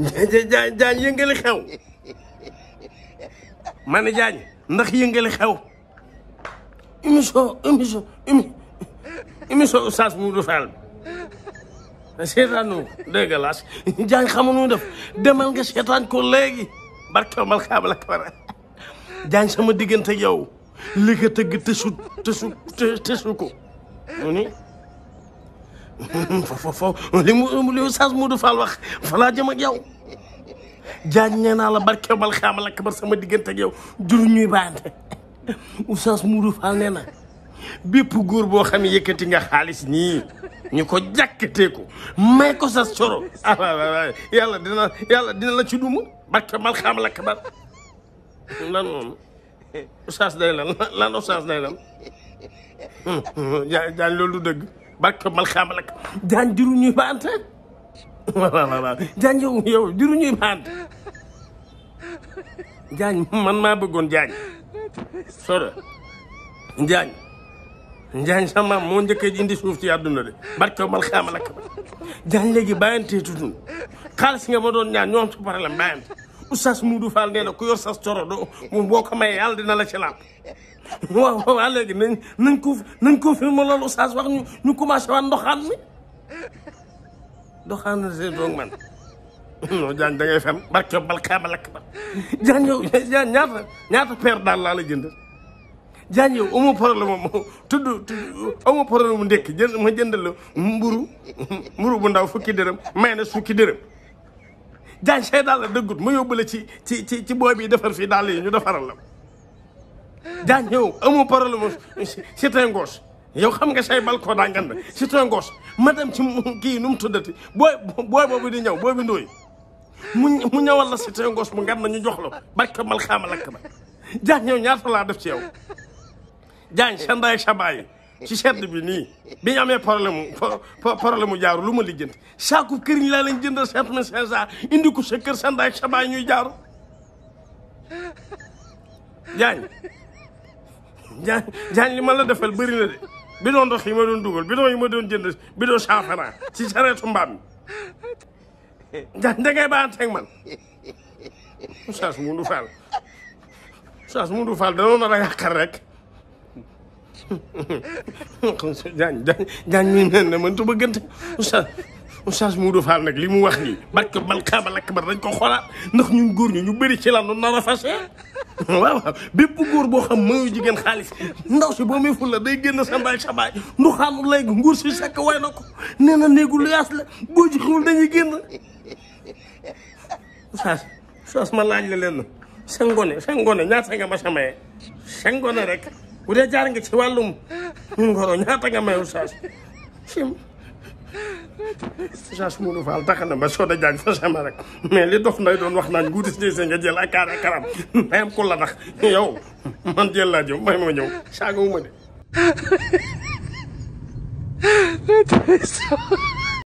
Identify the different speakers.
Speaker 1: jaañ jaañ yëngali xew ma ne jaañ ndax yëngali xew émission émission émission Oustaz Modou Fall bi seetaan nu dégg nga laas jaañ xamuñu def demal nga seetaan ko léegi barkew mal xaaba la kawara jaañ sama diggante yow li nga tëgg te su te su te su ko mu ni foofu foofu li mu li Oustaz wax fa laa jëm jaañ nee naa la barke bal xaamal ak bar sama diggante ak yow juru ñuy baante Oustaz Modou Fall nee na bépp góor boo xam ne yëkkati nga xaalis nii ñu ko jàkkatee ko may ko sa coro ah dina la ci duma barke bal xaamal ak bar lan moom Oustaz day lan lan Oustaz day lan hmm, hmm, hmm. jaañ loolu dëgg barke mal xaamal ak jaan ñuy baante jaañ man maa bëggoon jaañ sora jaañ jaañ sa maam moo njëkk a indi suuf ci àdduna de barke mal xaamal ak jaañ léegi bàyyantee tutun xaalis nga ma doon ñaan ñoom su problème bàyyante oustaz Modou Fall nee na ku yor sas coro do moom boo ko mayee yàlla dina la ci laal waaw waaw léegi nañ nañ ko nañ ko firme loolu oustaz wax ñu ñu commencé waan ndoxaan mi ndoxaan na seen doog man non Diagne da ngay fen barke balkaama lakk ba Diagne yow Diagne ñaata ñaata paire daal laa la jënd Diagne yow amoo problème moom tudd amoo problème mu ndékki jënd ma jëndal la mburu mburu bu ndaw fukki dërëm may na sukki dërëm jaay see daal la dëggut ma yóbbu la ci ci ci ci booy bi defar fii daal yi ñu defaral la jaan yow amoo mu cité ngoos yow xam nga say balcon daa ngand cité ngoos ma dem ci kii nu mu tuddati booy booy boobu di ñëw booy bi mu mu ñëwal la cité gauche bu ngand ñu jox la barke mal xaama lakk na jaan yow ñaata laa def ci yow jaan sa ndaay ci sedd bi nii bi ñu amee problème mu problème mu jaaru lu ma lijjanti saaku këriñ laa leen jëndal seet mille cinq cent indi ko sa kër sandaay sa ñuy jaaru jaañ jaañ li ma defal bëri na de bidon ndox yi ma doon dugal bidon yi ma doon jënd bidon cent franc ci sareetu mbaam mi jaañ da ngay baaxanteeg man Oustaz Modou Fall Oustaz Modou Fall danoon nar a yàqal rek xam sa jaañ jaañ jaañ mi nen na man tu ba gënt oustaz oustaz Modou Fall nag li mu wax nii barke bal xaabal ak bar dañ ko xoolaat ndax ñu góor ñu ñu bëri ci lan nar a fase waaw waaw bépp góor boo xam mayu jigéen xaalis ndaw si boo muy ful day génn sa mbaay sa mbaay ndu xaanu léegi si sekk way na ko nee na néegu lu yaas la boo ci xul dañuy génn oustaz oustaz ma laaj la leen na sa ngone sa ngone ñaata nga ma sa maye ngone rek bu dee jaar nga ci wàllum ngoro ñaata nga mayu saas sim saas munu faal tax na ma soo da jaag fa sama rek mais li dof nday doon wax naan guuti si nga jël ak kaar ak karam ku la ndax yow man jël laa jëm may moo ñëw saagawuma